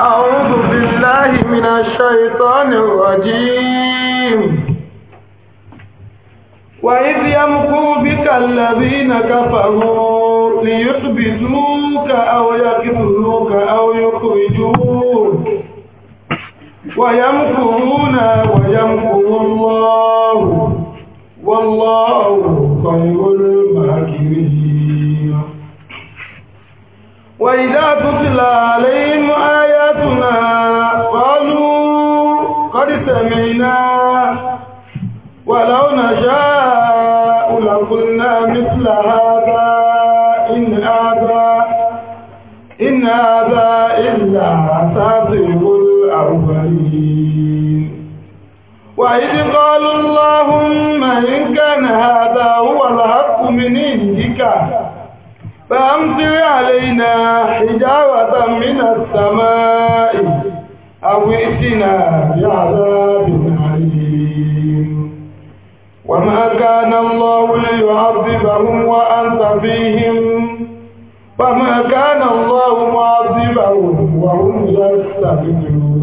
أعوذ بالله من الشيطان الرجيم وإذ يمكر بك الذين كفروا ليثبتوك أو يقتلوك أو يخرجوك ويمكرون ويمكر الله والله خير الماكرين وإذا تتلى عليهم آية سمعنا ولو نشاء لقلنا مثل هذا إن هذا إن هذا إلا أساطير الأولين وإذ قالوا اللهم إن كان هذا هو الحق من عندك فأمطر علينا حجارة من السماء أوئتنا بعذاب عليم وما كان الله ليعذبهم وأنت فيهم فما كان الله معذبهم وهم يستغفرون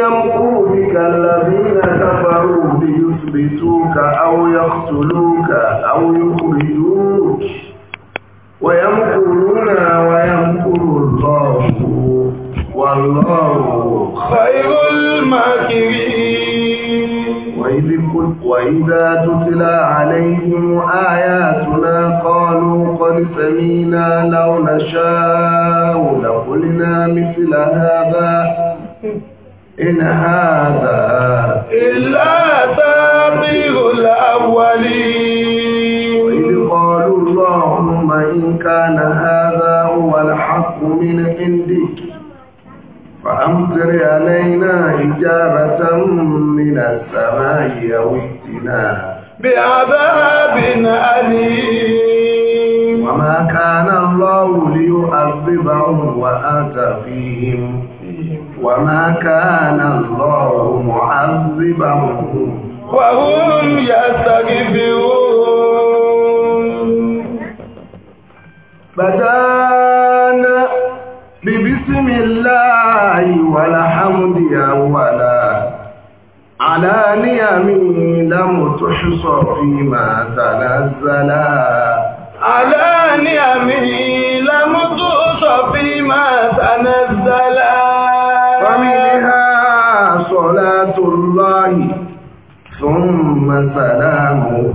يمكروا بك الذين كفروا ليثبتوك أو يقتلوك أو يخرجوك ويمكرون ويمكر الله والله خير الماكرين وإذا تتلى عليهم آياتنا قالوا قد سمينا لو نشاء لقلنا مثل هذا إن هذا إلا سابق الأولين وإذ قالوا اللهم إن كان هذا هو الحق من عندك فأمطر علينا إجابة من السماء أو ائتنا بعذاب أليم وما كان الله ليعذبهم وأتى فيهم وما كان الله معذبهم وهم يستغفرون بدانا ببسم الله والحمد أولا على نيم لم تحصى فيما تنزلا على نيم لم تحصى فيما سلامه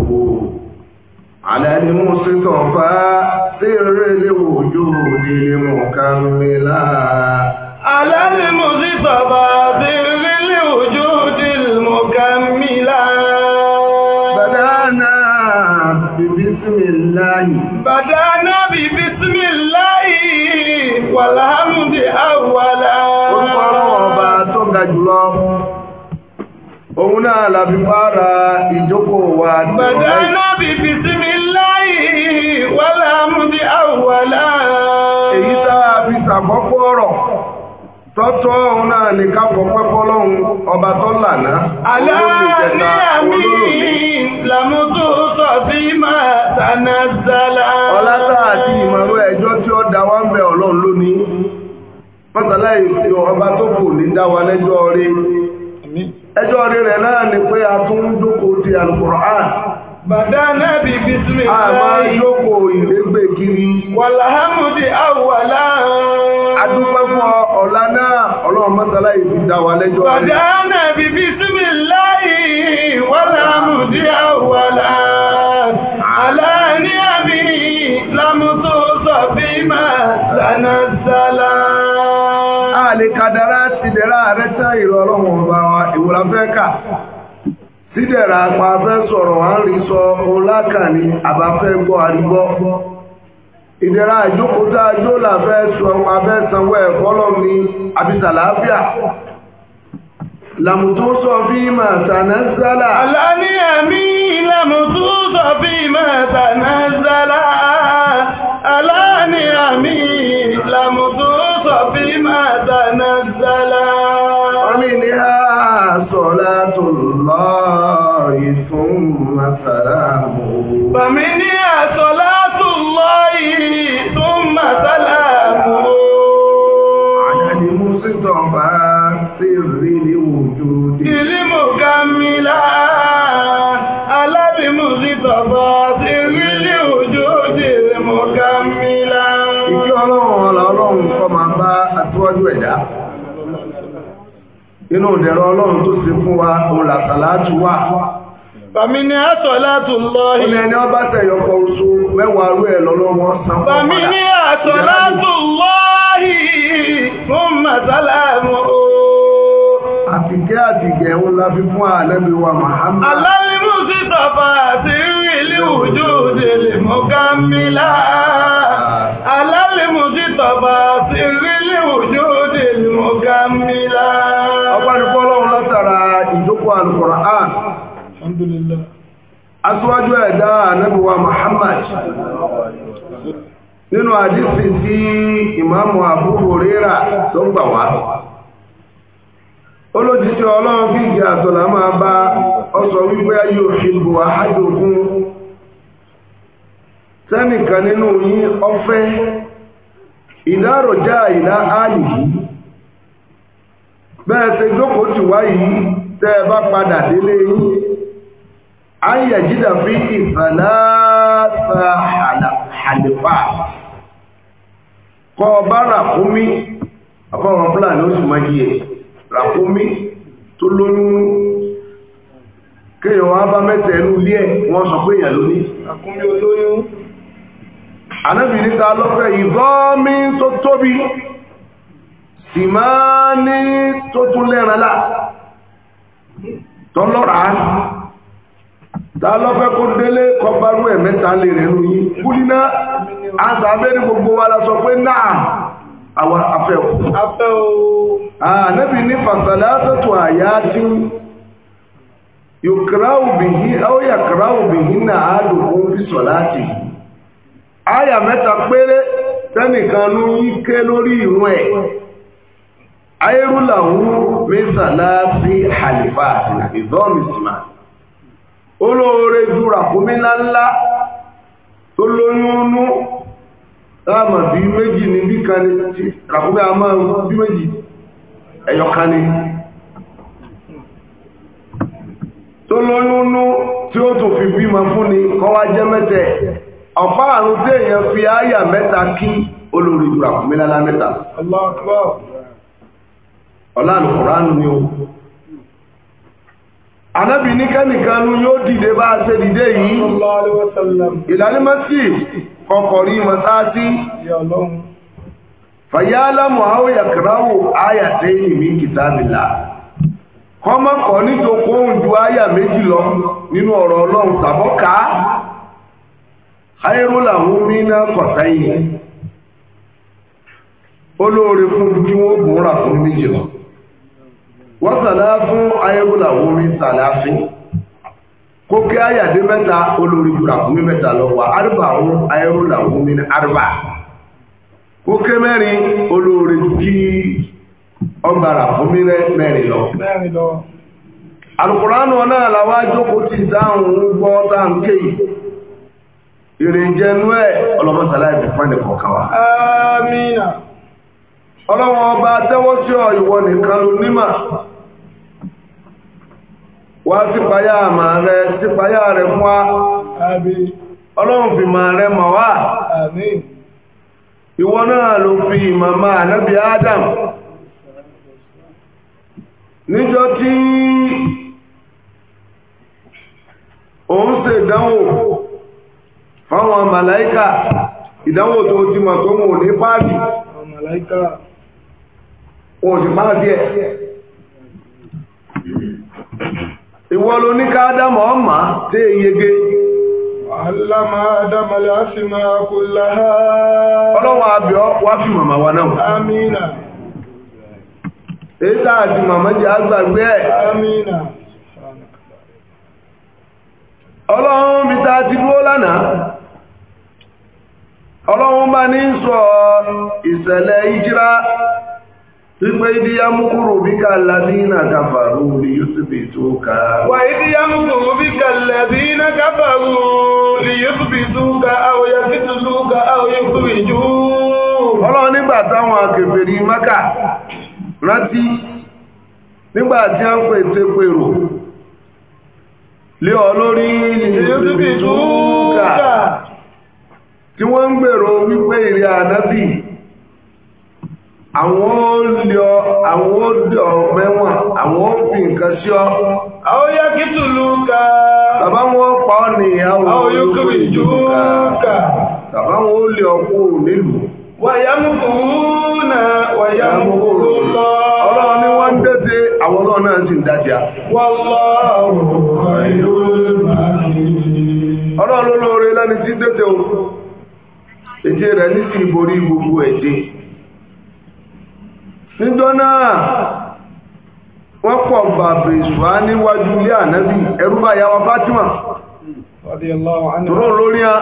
على المصطفى سر الوجود المكملا على المصطفى سر الوجود المكملا بدانا ببسم الله بدانا ببسم الله والحمد la fi fara ìjókòó wa ní ọ̀rẹ́. Bàdá náà fi fi sí mi mú di àwọ̀lá. Èyí tá a fi ṣàkọ́kọ́ ọ̀rọ̀ tọ́tọ́ òun náà ní kápọ̀ pẹ́pọ́ lọ́hun ọba tó lànà. Àlá ní àmì làmútó tọ̀ sí máa tànà zálá. Ọlátà àti ìmọ̀rú ẹjọ́ tí ó dá wá ń bẹ ọlọ́run lónìí. Mọ́tàlá ìfẹ́ ọba tó kù ní dá wa rí ẹjọ́ rẹ̀ náà ni pé a tún jókòó ti alukur'an bàdá náà bí bísímì láì a máa jókòó ìrégbè kiri wàláhàmùdì àwàlá adúpẹ́ fún ọ̀la náà ọlọ́run mọ́sálá yìí fi dá wa lẹ́jọ́ rẹ̀ bàdá náà bí bísímì láì wàláhàmùdì àwàlá àlá ní àmì lámùtò sọ̀bí máa lánàá sálá fẹ́ ìrọ̀ ọlọ́run ọba wa ìwòlá fẹ́ kà sídẹ̀ra pa fẹ́ sọ̀rọ̀ à rí sọ olákà ni gbọ́ àdúgbọ́ ìdẹ̀ra àjókòtà ajó là fẹ́ sọ pa sanwó ẹ̀kọ́ lọ ní àbísàlàáfíà làmùtú sọ fí màtà náà sálà. àlá ní ẹ̀mí làmùtú sọ fí màtà. dẹ̀rọ ọlọ́run tó ṣe fún wa òun làtàlátù wà Bàmí ni àtọ̀látù lọ́hì. Ó ní ẹni ọba tẹ̀yọ̀ pọ̀ oṣù mẹ́wàá rú ẹ̀ lọ́lọ́wọ́ san fún Bàmí ni àtọ̀látù lọ́hì gbogbo alukura'an alhamdulillah aṣíwájú ẹ̀dá muhammad nínú àdísì tí ìmáàmù Abu Huraira tó gbà wá olójíṣẹ́ ọlọ́run fi ji àtọ̀là máa bá ọsọ wípé ayò ìbò àhájòkún sẹ́nìkan nínú yín ọfẹ́ ìdáròjá ìlà áàlì yìí bẹ́ẹ̀ jókòó tẹ́ ẹ bá padà délé yín ayé jíjà fi ìfàlàfà àlèfà kọ́ ọba ràkúnmí àbáwọn fúlàní oṣù mọ́jìyẹ ràkúnmí tó lóyún kéèyàn wá bá mẹ́tẹ̀ ẹnu ilé ẹ̀ wọ́n sọ pé èèyàn lóní ràkúnmí olóyún anábìrin ta lọ́fẹ́ ìbọ́mí tó tóbi sì ní tó tún lẹ́ran láà tọ́lọ́ra ta lọ́fẹ́ kó délé kọbarú ẹ̀ mẹ́ta lè rẹ̀ lóyí kúlíná àtàbẹ́ ní gbogbo wa la sọ pé náà àwọn afẹ́ o afẹ́ o ànẹ́bì ní fàtàlẹ́ àtọ́tù àyà tí yòkìráwù bìhí náà àdùkún fi sọ láti àyà mẹ́ta péré tẹ́nìkan ló yí ké lórí ìrún ẹ̀ ayélujáwó mẹ́sàlá sí àlìfà àti ìzọ́mìsìmá olóore zúra kómi tó lóyún nú láàmà bí méjì ní bí tí ràkúnbẹ́ a máa bí méjì ẹ̀yọ kan tó lóyún nú tí ó tó fi bímọ fún jẹ́ mẹ́tẹ̀ ọ̀pá àrùn ọ̀lá àlùkùránù ni ó anábì ní kẹ́nìkanú yóò dìde bá ṣe dìde yìí ìdánímọ́sí kọkọrí mọ́sáàtí fàyálàmù àwọn yàkìráwò áyàtẹ́ ìmí kìtàbìlà kọ́mọ́kọ́ nítòkó ohun ju áyà méjì lọ nínú ọ̀rọ̀ ọlọ́run tàbọ́ká ayérúlàwó míná kọ̀tẹ́yìn olóore fún bí wọ́n rà fún méjì lọ wọ́sàláfún ayébùlàwó orí sàláfín kó kí ayàdé mẹ́ta olórí buràkúmí mẹ́ta lọ wà arúbà ọ̀hún ayébùlàwó mi ní mẹ́rin olórí kí ọgbàrà fún mi mẹ́rin lọ. alukuraanu náà làwọn ajókòó ti dáhùn gbọ́ ọlọ́wọ́n ọba tẹ́wọ́ sí ọ ìwọ nìkan ló wá sípayá àmà rẹ sípayá rẹ fún wa ọlọ́run fi màá rẹ mà wá ìwọ náà ló fi màmá ànábì Adam níjọ́ tí òun ṣe ìdánwò fáwọn màláíkà ìdánwò tó ti mọ̀ tó mọ̀ ní páàdì wọn ò sì máa díẹ̀ ìwọ ló ní ka dámọ̀ ọmọ tí è yege Allama wafi mama wa na Amina. Èyí àti màmá jẹ́ àgbàgbé Amina. Ọlọ́run ti dúró lana? Ọlọ́run dị يمكر بك الذين كفروا ليثبتوك وإذ يمكر بك الذين كفروا ليثبتوك أو يقتلوك أو يخرجوك Ọlọ́run nígbà táwọn akèfèrí Mẹ́kà rántí nígbà tí a ń pè tẹ́ pèrò lé ọ lórí ìrìnlẹ̀ tí wọ́n ń gbèrò wípé ìrìn ànábì àwọn olùyọ àwọn olùyọ mẹ́wọ̀n àwọn òfin nǹkan sí ọ. àwọn yá ká. bàbá wọn pa ọ ká. bàbá wọn ó ọkọ nílùú. wàyà mú na wàyà mú lọ. ọlọ́run ni wọ́n ń dẹ́sẹ̀ àwọn ọlọ́run náà sì ń dájà. wọ́n ọlọ́run lóore lẹ́ni tí ń dẹ́sẹ̀ ètè rẹ̀ ní níjọ́ náà wọ́n pọ̀ bàbè ṣùgbọ́n níwájú ilé ànábì ẹrú bá yà wá Fátímà tòró a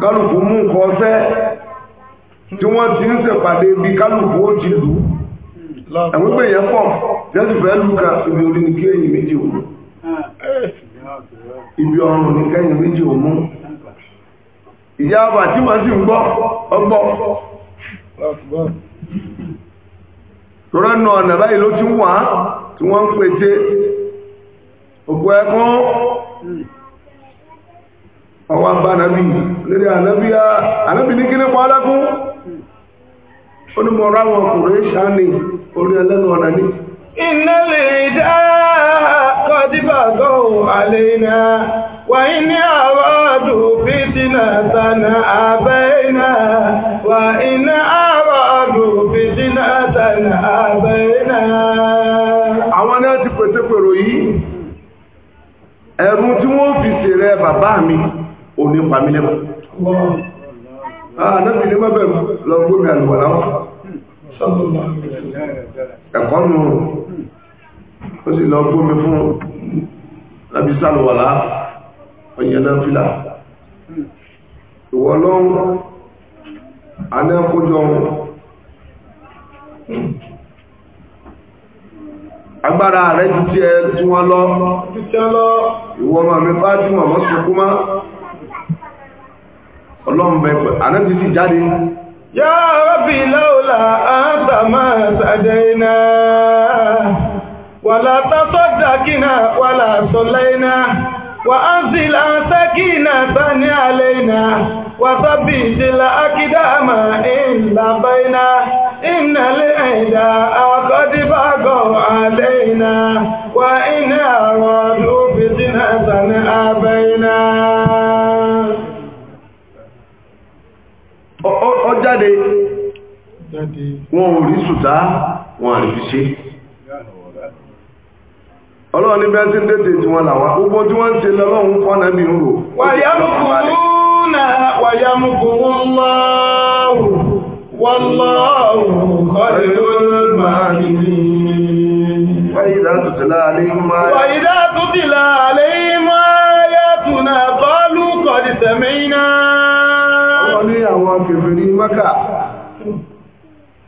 kálùkù mú nǹkan tí wọ́n ti ń pàdé bí kálùkù ó ti lù àwọn yẹn ibi ibi ọrùn méjì ìyá sì ń ọgbọ. tọ́rọ nà ọ̀nà báyìí ló wà tí wọ́n ń pète òkú ẹkún ọwọ́ bá nàbí lérí ànábí ànábí ní kí ní pa alákún ó ní ráwọn ọkùnrin ṣáni orí ẹlẹ́nu ọ̀nà ní mi o ní pa mí lẹ́mọ̀ ah, àdábì ní mọ́bẹ̀ lọ gómi àlùwà láwọn ẹ̀kọ́ nù ó sì lọ gómi fún lábí sálùwà lá ọ̀yẹ̀ náà fìlà ìwọ̀ lọ́wọ́ anẹ́kójọ agbára rẹ̀ ti tí ẹ tí wọ́n lọ ìwọ máa mi bá tí wọn mọ́ sunkún má ọlọ́run bẹ pẹ̀ ànábi sì jáde. yá rábì láòlà àǹtà máa ṣàdé iná wàlá tásọ̀ dàkínà wàlá sọ̀lá iná wà á sì láǹtà kínà tání àlẹ́ iná wà sábì ìdílà ákídá àmà ìlàbà iná ìnàlẹ́ ẹ̀dá àkọ́díbàgọ̀ àlẹ́ iná wà iná wọn ò rí sùtá wọn àrí fi ṣe ọlọ́run ní bẹ́ẹ̀ sí ń dédé tí wọ́n làwọn gbogbo tí wọ́n ń ṣe lọ́lọ́run fọ́nà bí rò وإذا تتلى عليهم Wọ́n ní àwọn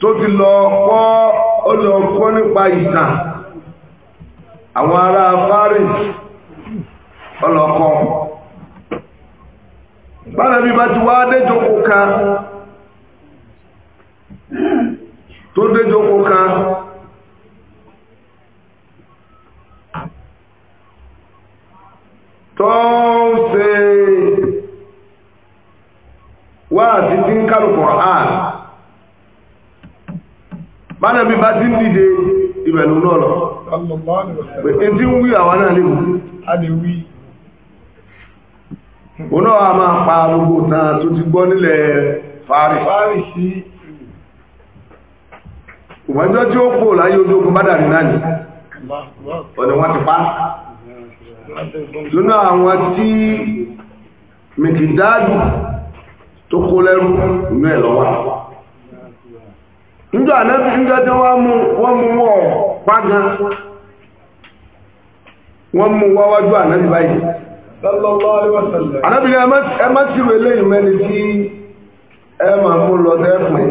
tó ti lọ kọ́ ó lọ kọ́ nípa ìtàn àwọn ará Paris ọlọ́kọ́ bárabi bá ti wá déjòkó kan tó déjòkó kan tó ń ṣe wá àti tí ń kálùkù ààrùn bánàbí bá ti ń dìde ìbẹ̀lú náà lọ pé n ti ń wí àwa náà lè wí òun náà a máa pa gbogbo tán tó ti gbọ́ nílẹ̀ fàárì sí ìwọ́njọ́ tí ó pò láyé ojógun bá dàrí náà ni ọ̀nà wọn ti pa lónà àwọn tí mìkìdáàdù tó kó lẹ́rú inú ẹ̀ lọ́wọ́ njọ ànábi ndị tí wọ́n mú wọ́n mú wọ́n pàgán wọ́n mú wáwájú ànábi báyìí ànábi ẹ má ti rò eléyìí mẹ́ni tí ẹ máa mú lọ dẹ́pẹ́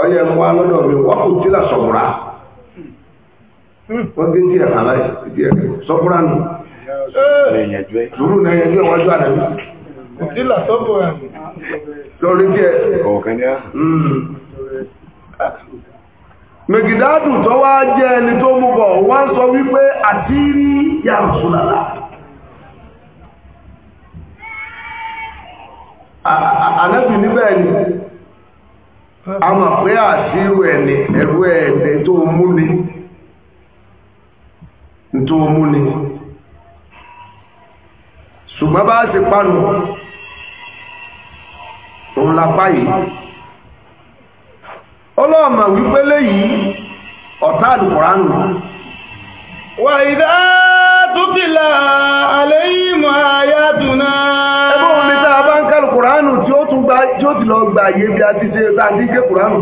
ọyẹ mú mi wọ́n kò tí là sọ̀bùrà wọ́n wájú mẹ̀gìdádù tó wá jẹ́ ẹni tó mú bọ̀ wọ́n sọ wípé àti rí ya Rasulullah àlẹ́bì níbẹ̀ ni a mọ̀ pé àti irú ẹni ẹ̀rú ẹ̀ẹ̀dẹ̀ tó mú ni tó mú ni ṣùgbọ́n bá ṣe pánu òun lápá yìí ọlọ́ọ̀mà wípé léyìí ọ̀tá àlùkùránù wà ìdá tútìlà àléyìn mọ̀ àyàtùnà ẹgbẹ́ omi tá a bá ń kálù kùránù tí ó tún tí ó ti lọ gba àyè bí a ti ṣe tá a ti ké kùránù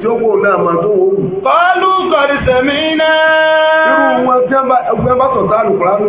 tí ó wò náà máa tó wò sẹ̀mí náà. irú wọn tí bá sọ̀tá àlùkùránù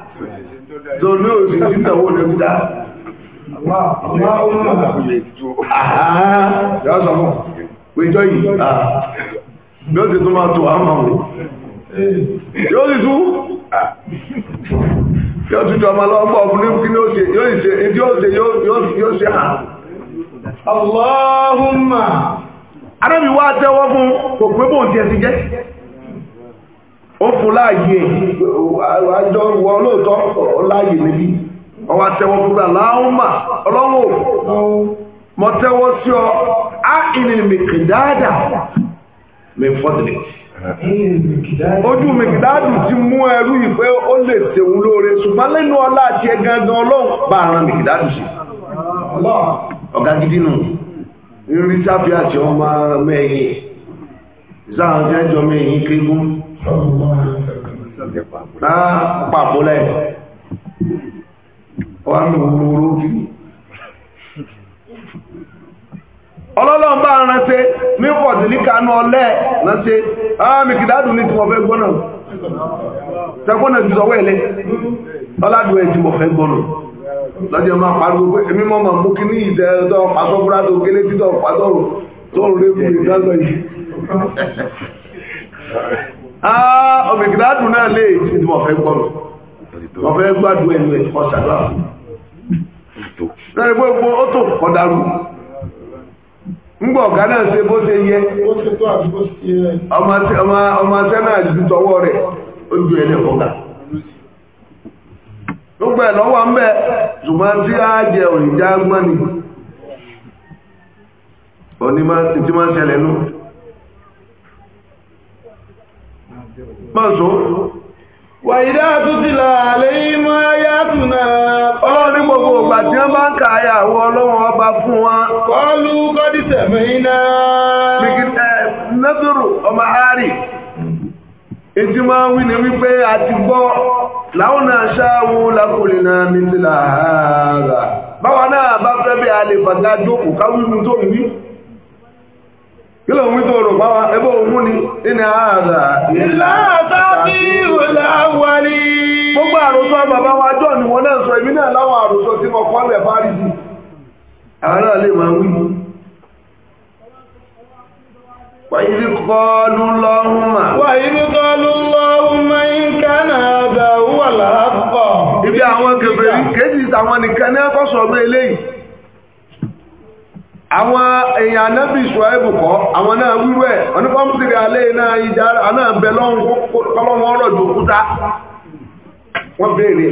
zòmí òsì tí ìtàwó rẹ̀ ń dá. Àwọn ọmọ yà sọ fún péjọ yìí bí ó ti tún máa tó àmà wò. Yóò sì tún yóò tún jọ ọmọ lọ́gbọ́ ọkùnrin kí ni ó ṣe yóò ṣe èdè ó ṣe yóò ṣe hàn. Allahumma. Arábìwá tẹ́wọ́ fún kò pé bóun ti ẹ ti jẹ́ ó fún láàyè àjọ ìwọ olóòótọ́ láàyè níbí ọwọ́ àtẹwọ́ fúnra láhùnmá ọlọ́wọ́ mọ tẹ́wọ́ sí ọ á ìrìn mìkìdáàdà mi fọ́dìlẹ̀ ojú mìkìdáàdù ti mú ẹrú ìfẹ́ ó lè tẹ̀wù lóore ṣùgbọ́n lẹ́nu ọlá àti ẹgangan ọlọ́run bá àrùn mìkìdáàdù sí ọ̀gá gidi nù sábíà tí wọ́n mẹ́yìn sáà jẹ́jọ́ mẹ́yìn kéegun. na lẹ́yìn ya mú oró ọlọ́lọ́n bá ní pọ̀tí ní kanú ọlẹ́ ránṣẹ́ ààmì ah, ní tí gbọ́nà tẹ́gbọ́nà ti sọ wẹ́lẹ́ ọládùn ẹ̀ gbọ́nà lọ́jọ́ máa pé èmi mọ́ mọ̀ ní pàtọ́rù tó rẹ̀ Ah, ọmọ ìgbádùn náà lè jí tí wọ́n fẹ́ gbádùn ẹnu ẹ̀ ọ̀ṣàdúrà lórí gbogbo ó tó ọ̀gá náà ṣe bó ṣe yẹ ọmọ ṣẹ́ náà ju tọwọ́ rẹ̀ ó ju ẹ̀lẹ́ fọ́gà ẹ̀ lọ́wọ́ ṣùgbọ́n tí a jẹ gbọ́nì onímọ̀ mọ́sọ́ wà ìdá àtútìlà àlẹ́yìnmọ́ ayátùnà ọlọ́run gbogbo ọgbà tí wọ́n bá ń ka àyàwó ọlọ́run ọba fún wa kọlu ọmọ máa wí wípé a ti gbọ́ náà náà báwa náà bá fẹ́ bí a lè fàgá jókòó káwí mi tó kílò ń wípé òrùn pàwà ẹbọ òun ni ìní àádà ìlàáta bí òlà wàlí. gbogbo àròsọ bàbá wa jọ ni wọn náà sọ èmi náà láwọn àròsọ tí mo kọ́ lè máa wí. wàyí wàyí ibi àwọn kéjì nìkan ní ẹ̀kọ́ sọ̀rọ̀ eléyìí. àwọn èèyàn anábì ṣùgbọ́n bùkọ àwọn náà wíwọ́ ẹ̀ onífọ́mùsìrì náà ìjà náà bẹ lọ́wọ́ ọ̀rọ̀ jù kúta wọ́n béèrè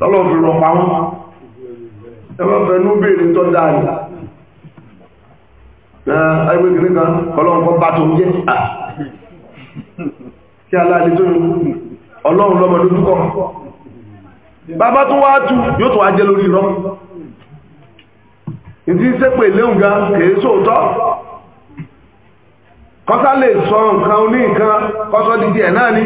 lọ́lọ́ fi wọn pa wọ́n béèrè tọ́ dáa ní ẹgbẹ́ kìíní kan bá tó kí tó yẹ bàbá tó wá tu ìdí ń sépè léhùn gan kèé sóòótọ́ kọ́sá lè sọ nǹkan oní nǹkan kọ́sọ́ dídí ẹ̀ náà ni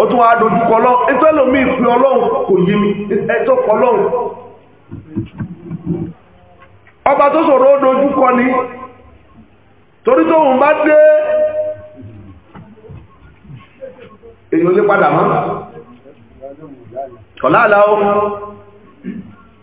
ó tún wá dojúkọ lọ ẹgbẹ́ lómi ìpín ọlọ́run kò yí mi ẹjọ́ kọ lọ́run ọba tó sọ̀rọ̀ ó dojúkọ ni torí tóun bá dé èyí ó lé padà mọ́ ó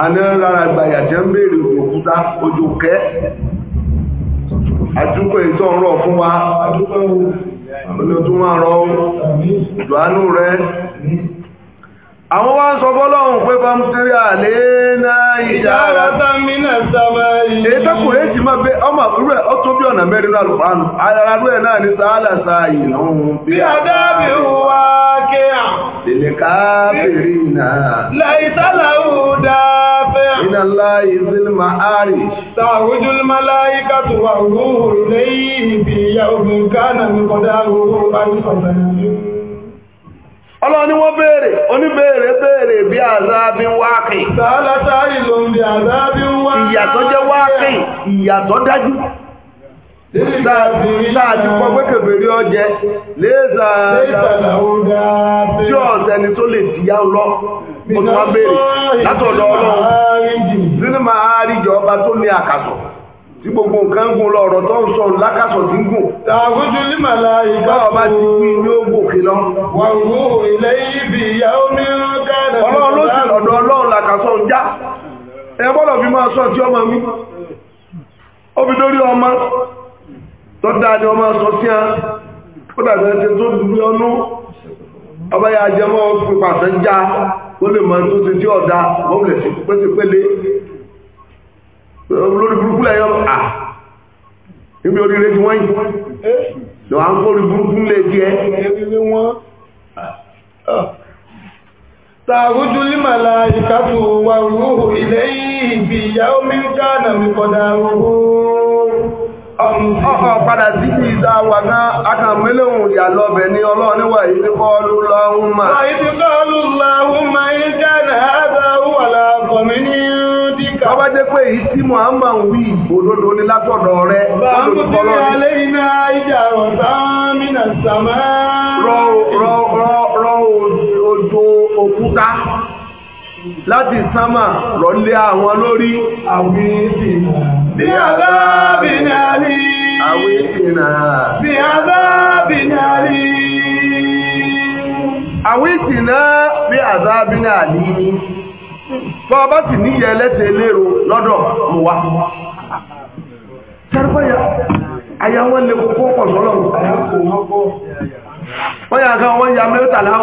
àná lára gbàyà jẹ́ ń bèèrè òkúta ojú kẹ́ àdúgbò ìtọ́ ń rọ̀ fún wa àwọn wá ń sọ bọ́lọ́hùn pé bá ń àlé náà yìí èjì máa bẹ ọmọ àbúrò ẹ̀ tó bí ọ̀nà mẹ́rin náà rẹ̀ náà ní sáàlà yìí lọ́hùn bí kí lèlè káfìrí náà. láìsálà ò dáfẹ́. iná láì zilma ari. tàwùjú maláyí kàtó wà rúhù lẹ́yìn ibi obìnrin ọlọ́ni wọ́n béèrè oníbèèrè béèrè bí àzábí wákì. ń bí wákì. ìyàtọ̀ jẹ́ wákì ìyàtọ̀ dájú. láàti pọ́ ọjẹ́ léèzà tí ọ̀sẹ̀ ni tó lè ti yá lọ mo ti wá béèrè látọ̀dọ̀ ọlọ́run nínú máa rí ìjọba tó ní àkàsọ̀ tí gbogbo nǹkan ń lọ tó ń sọ lákàsọ̀ tí ń gùn. ọba ti ọmọ tọ́dá ni ọmọ sọ sí á kódà tó ti tó dúdú ọnú ọba yà jẹmọ́ pípa àtẹ́já ó lè mọ tó ti tí ọ̀dá wọ́n lè sí pẹ́sẹ̀pẹ́lẹ́ lórí burúkú lẹ́yọ́ à níbi oríire tí wọ́n yìí lọ à ń kó orí burúkú lè di ẹ. Tààrújú límàlà ìkàtù wà rúhù ilé ìbí ìyá omi ń ká nà mí kọ̀dà rúhù ọkọ̀ padà sí ti ìdá wà náà akàmẹ́lẹ̀hùn ìyà lọ́bẹ̀ ní ọlọ́run níwà ìdí kọlu láhùnmá. ìdí kọlu láhùnmá ń jáde àádọ́ wà láàbọ̀ mi ní díkà. bá bá jẹ́ pé èyí tí Muhammad wí òdodo ní látọ̀dọ̀ rẹ. bàbá mi ti rí alẹ́ iná ìjà ọ̀sán mi nà sàmá. rọ rọ láti sámà rọ̀lé àwọn lórí àwọn ìsìnà bí àbábìnà rí bọ́ bá sì níyẹ lẹ́tẹ̀ lérò lọ́dọ̀ mú wá tẹ́rẹ́fẹ́yà àyà wọn lè kókó pọ̀ lọ́lọ́rùn wọ́n yà kan wọ́n yà mẹ́tàlá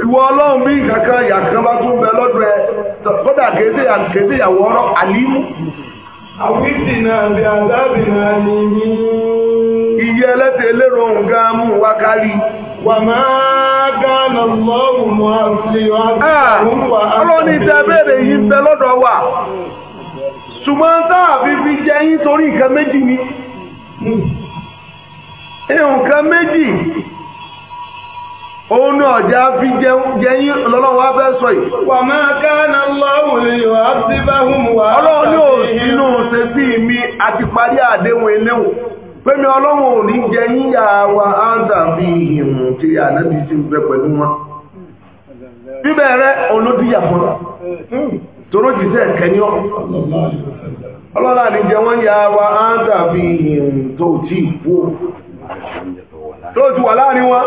ìwọ ọlọ́run bí kankan yàkan bá tún bẹ lọ́dọ̀ ẹ kódà kéde kéde ìyàwó ọ̀rọ̀ àlímú. àwítì náà bí àdábì náà ní mí. iye ẹlẹ́tẹ̀ elérò nǹkan mú wa kárí. wà máa gánà lọ́wọ́ mọ́ àti yìí bẹ lọ́dọ̀ wa. ṣùgbọ́n fi yín torí nǹkan méjì ni. Hmm. méjì. onu náà fi jẹyin ọlọ́run wa fẹ́ sọ yìí. wà máa káàná lọ́wọ́ lèyàn àbíbáhùn wà. ọlọ́run ní òsínú ṣe sí mi àti parí àdéhùn eléwò ọlọ́run ò ní wa áńdà bí ìhìnrùn tí ànábì sí ń pẹ̀lú wọn. bíbẹ̀ rẹ olódìyà fún jìṣẹ́ kẹ́ni ọlọ́run ní jẹ yà wa bí tó ti tó ti wọn.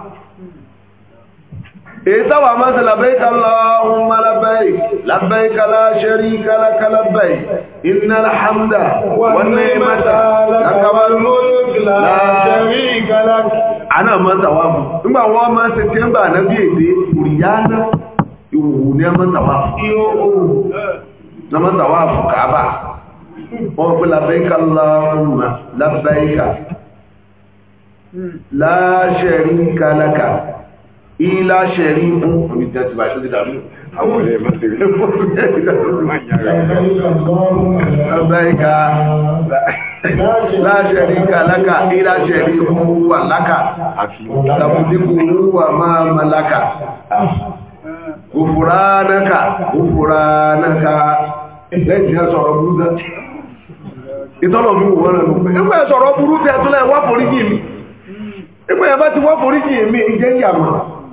ètàwà mọ́sí labẹ́ka lọ́wọ́mọ́ labẹ́k labẹ́ka láṣẹ́ríkà lákà labẹ́k iná alhamdà wọ́n ní mẹ́ta kakabar mulk láṣẹ́ríkà lákà ana mọ́sá wà mú nígbà wọ́n mọ́ sí tí ń bà náà bí èdè òrìyáná ìwòwò ní mọ́sá wà fún mọ́sá wà fi labẹ́ka lọ́wọ́mọ́ labẹ́ka láṣẹ́ríkà lákà ilá ṣẹ̀rí mú àmì jẹ́ ti bàṣẹ́ ti dàbí àwọn ọ̀rẹ́ máa ti rẹ̀ fún ọ̀rẹ́ ti máa yára ọ̀bẹ́ríkà láṣẹ̀rí kàlákà ilá ṣẹ̀rí mú wà lákà wà máa ma lákà lẹ́yìn sọ̀rọ̀ burú ìtọ́lọ̀ mi wò wọ́n rẹ̀ ẹgbẹ́ sọ̀rọ̀ burú tún lẹ́ wá foríjì mi yẹn bá ti wá foríjì mi ìjẹ́ ìyàmọ̀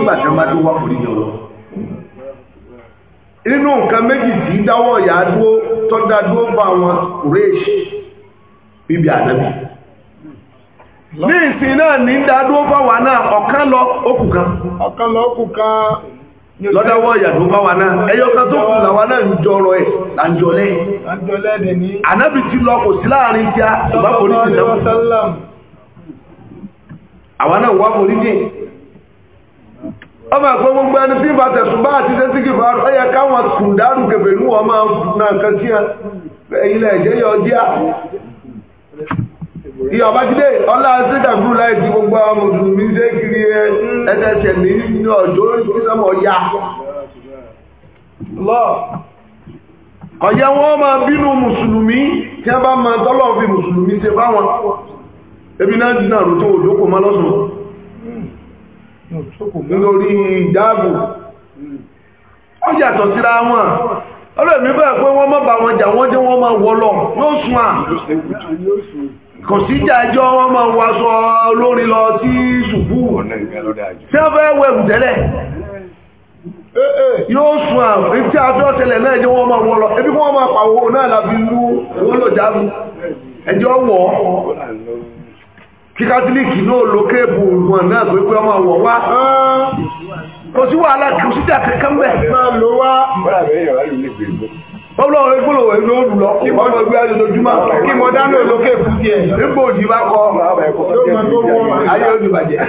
nígbà tí wọ́n bá tó wá foríjì méjì tí dáwọ́ ìyá dúó tó dá dúó bá wọn kùrẹ́ẹ̀ṣì bíbí ànábì ní ìsìn náà ní dá dúó bá wà náà ọ̀kan lọ òkú kan ọ̀kan lọ òkú bá wa náà tó ti lọ kò sí láàrin ìbá ọ ẹ̀kọ́ gbogbo ẹni tí bá tẹ̀sùn bá àti tẹ́sí kìfà ọ ẹ̀yẹ káwọn kùndánù kẹfẹ̀ ní wọ́n máa na nǹkan sí ilẹ̀ ẹ̀jẹ̀ yọ díà ìyá ọbájídé ọlá sídàgbù láì gbogbo àwọn mùsùlùmí ṣe kiri ẹsẹsẹ mi ní lọ wọn máa bínú mùsùlùmí tí wọn bá máa fi mùsùlùmí ebi náà dín náà rò tó òjò nítorí ìdáàbò ó yàtọ̀ síra wọn ọlọ́ẹ̀mí bẹ́ẹ̀ pé wọ́n má bá wọn jà wọ́n jẹ́ wọ́n máa wọlọ̀ yóò sùn à kò sí jàjọ́ wọ́n máa wọ aṣọ olórin lọ sí ṣùkú tí wọ́n fẹ́ wẹ̀ wù tẹ́lẹ̀ yóò sùn à tí a fẹ́ ọ̀tẹ̀lẹ̀ náà jẹ́ wọ́n máa wọlọ̀ ebi wọ́n máa pàwọ́ náà làbí lú wọ́n lọ jáàbù ẹjọ́ wọ̀ ọ́ kí kátólíìkì náà lo kéèbù ògbọ̀n náà pé pé ọmọ wọ̀ wá kò sí wàhálà kò sí jà kankan bẹ́ẹ̀. máa lo ló lù lọ. kí mo gbé ayé lójúmọ́. kí mo dáná olókè fún tiẹ̀. nígbà òdì bá kọ. ayé òdì bàjẹ́.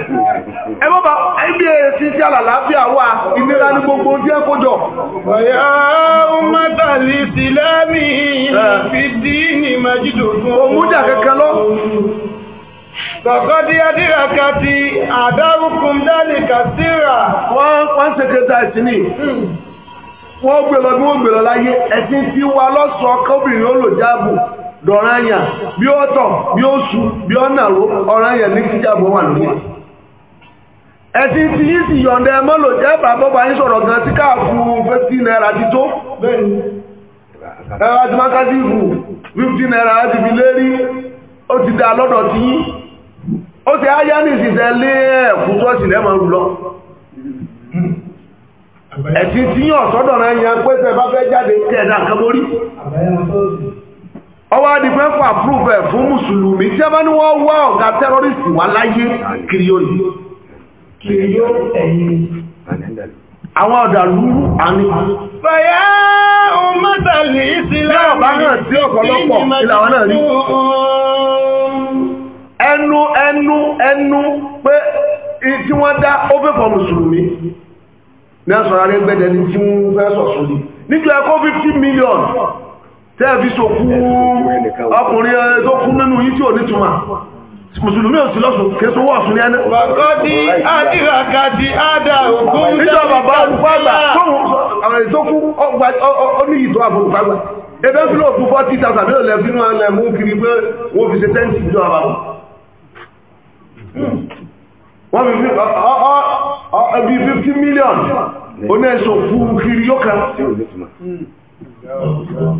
ẹ bọ́ bá ibi èsì sí àlàáfíà wa ìlera ní gbogbo ojú ẹ kójọ. ọ̀yà ọmọdàlì sílẹ̀ mi fi dín ní màjídò fún. Kọ̀kọ́ dí ti àdárúkún dálì kàtírà. Wọ́n Wọ́n gbèrọ bí wọ́n gbèrọ láyé ẹ̀sìn tí wa lọ́sọ̀ọ́ kọ́bìnrin ó dọ̀rọ̀ àyà bí ó tọ̀ bí ó su bí ó nàró ọ̀rọ̀ àyà ní kíjàbọ̀ wà Ẹ̀sìn tí yìí sì yọ̀ǹda jẹ́ bàbá bá sọ̀rọ̀ gan sí fẹ́tí náírà ti tó. Ẹ̀rọ àti mákàtí ìfù náírà fi ó ti aya ní ìsìnṣẹ́ lé ẹ̀kú tọ́ọ̀sì lẹ́mọ̀ rú lọ ẹ̀sìn tí yàn sọ́dọ̀ náà yan pé bá fẹ́ jáde kẹ́ẹ̀dá kan ọwọ́ adìfẹ́ fà proof fún mùsùlùmí tí a bá ní wọ́n wá ọ̀gá tẹ́rọ́rìsì wà láyé kiri yóò náà ọ̀pọ̀lọpọ̀ ẹnu ẹnu ẹnu pé tí wọ́n dá ó fẹ́ fọ́ mùsùlùmí ní ẹ̀sọ̀rọ̀ arẹ́ gbẹ́dẹ̀ ní tí wọ́n fẹ́ sọ̀sùn ní nígbà ẹ̀kọ́ 50 million tẹ́ẹ̀fì sókú ọkùnrin tó kú nínú yìí tí ò ní túnmà mùsùlùmí ò sí lọ́sùn késo wọ́ ọ̀sùn ní ẹni. bàkọ́dí àdìràkadì àdà ògùn níjọ bàbá olùfàgbà tó kú oníyìí tó àbòlùfàgbà ebe fílò fún 40,000 mílò lẹ́fínú ẹlẹ́mú kiri pé wọ́n fi ṣe tẹ́ǹtì ìjọ wọ́n fi ọbí 50 million oní ẹ̀sọ̀ fún kiri yóò kan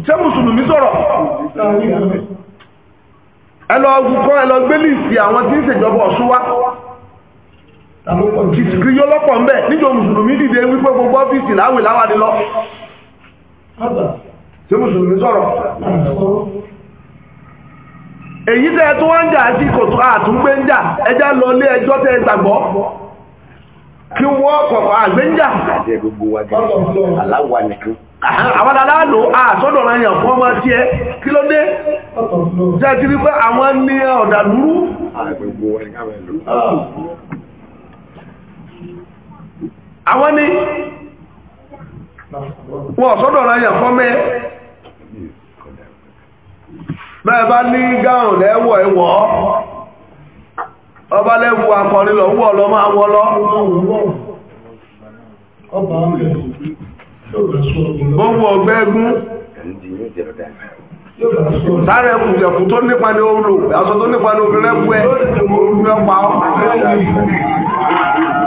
ṣé mùsùlùmí sọ̀rọ̀ ẹlọ ọgbùkọ́ ẹlọ gbélìsì àwọn tí ń ṣèjọba ọ̀ṣun wá kiri yóò lọ́pọ̀ ń bẹ̀ níjọ mùsùlùmí dìde wípé gbogbo ọ́fíìsì láwẹ̀ láwàdí lọ èyí tẹ́ ẹ tó wá ń jà sí kò tó àtúngbé ń jà ẹjá lọ lé ẹjọ́ tẹ́ ẹ gbàgbọ́ kí wọ́n kọ̀kọ̀ àgbé ń jà. aláwa nìkan. àwọn aláàlú àtọ́dọ̀ ra yàn fún ọmọ tiẹ̀ kí ló dé. ṣé ti rí pé àwọn ní ọ̀dà àwọn ni wọ́n sọ́dọ̀ ra yàn fún ọmọ bẹ́ẹ̀ bá ní gáhùn lẹ́wọ̀ ẹ̀wọ̀ ọba lẹ́wù akọrin lọ wọ́ lọ máa wọ́ lọ gbogbo ọgbẹ́ ẹgún sáré tó nípa ní orò aṣọ tó nípa ní obìnrin ẹkùn ẹ̀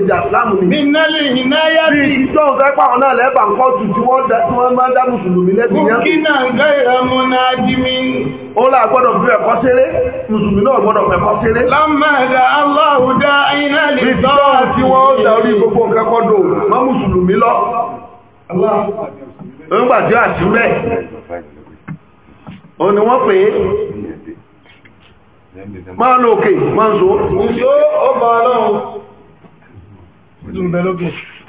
ìjà láàmù ni. minali ìnáyà ti. bí ìjọ ń fẹ́ náà lẹ́bàá ń kọ́ wọ́n máa ń dá mùsùlùmí lẹ́bi yẹn. burkina nga ìrọ̀mù náà jí mi. ó là gbọ́dọ̀ fi ẹ̀kọ́ ṣeré mùsùlùmí náà gbọ́dọ̀ fi ẹ̀kọ́ ṣeré. lámàdà aláwù iná lè tọ́. bí ìjọ tí gbogbo nǹkan kọ́ lọ. tí a máa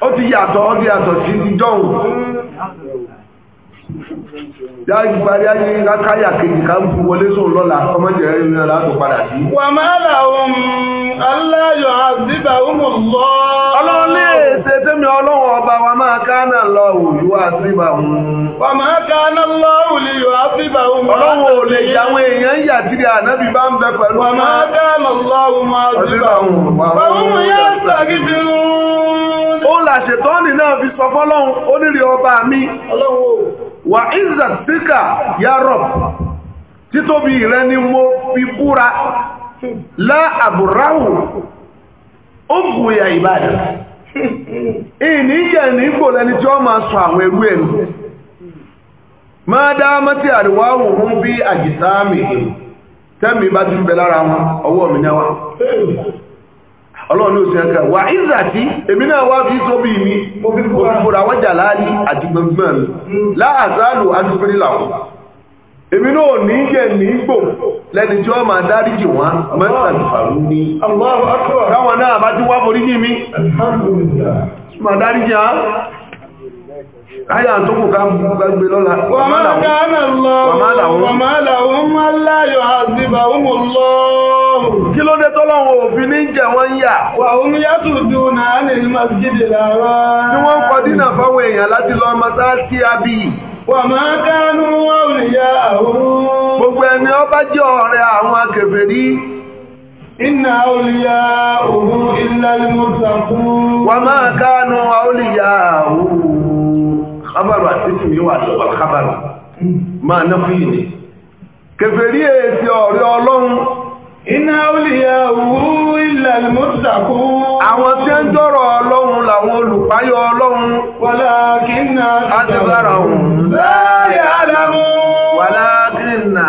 ó ti yàtọ̀ ó ti yàtọ̀ sí ti dọ́hùn ayé kákáyà kejì ká ń wọlé sóun lọ́la ọmọdé rẹ̀ yóò yára padà sí. wà ọ̀hún aláyọ̀ àbíbà ọmọ lọ́ọ́. kánà lọ òlú àṣìbà òun. ọmọ kánà lọ òlú àṣìbà òun. ọlọ́wọ́ ò lè yàwọn èèyàn yà tìrì ànábì bá ń bẹ pẹ̀lú. ọmọ kánà lọ òun àṣìbà òun. ọmọ yẹn sàgídì ó làṣetọ́nì náà fi sọ fọ́lọ́hun onírè ọba mi wà ìzàtíkà ya Rabb títóbi rẹ ni mo fi búra lá àbúráhù ó bùyà ìbàdàn ìní ìyẹ̀ni ìgbò lẹni tí ó máa sọ àwọn ẹrú ẹ̀rù máa dá mọ́tí àríwá òun bí àjìsáàmì tẹ́mì bá ti bẹ̀ lára wọn ọwọ́ mi náà ọlọ́run ló ẹ̀kẹ́ wà tí èmi náà wá fi tó bí mi òfin fòrà wọ́jà láàrín àti mi èmi náà ní yẹ̀ ní gbò lẹ́ni tí wọ́n máa dáríjì wọn mẹ́sàn ìfàrú ní káwọn náà bá ti wá forí yí mi máa á tó kù ká gbé lọ́la wà kí ló dé òfin ní jẹ wọ́n yà wà omi yàtò dùn náà ní masjid lára tí wọ́n dínà fáwọn èèyàn láti lọ sí Gbogbo ẹni ọba jẹ́ ọ̀rẹ́ àwọn akèfèrí. Inna awliya òhun illal muttaqun. Wa ma kanu awliya òhun. Kábàrù àti ìsinmi wà lọ́wọ́ kábàrù. Máa náà fún yìí ni. Kèfèrí èsì ọ̀rẹ́ ọlọ́run iná olùyẹ òwú ilẹ̀ mọ́tàkù. àwọn tí ń tọrọ ọlọ́run làwọn olùpáyọ ọlọ́run. wàlá kí n nà àtẹ̀bára òun. láyé àlámú. wàlá kí n nà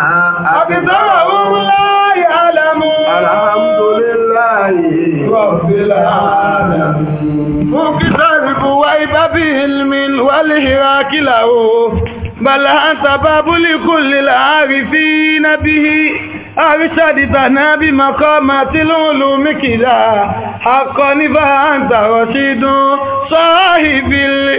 àtẹ̀bára òun láyé àlámú. alhamdulilayi. rọ̀bìlà àlámú. mú kí sáàrìbù wá ibà bíi ilmi wálé ìrákìlà o. bàlá àtàbà búlíkù lè láàrín sí nábìí àríṣàdìtà náà bí makọ́ ma tí ló ń lo mikìlá akọ níbà àǹtàrọ̀ sí dún sọ́ọ́ ìbílẹ̀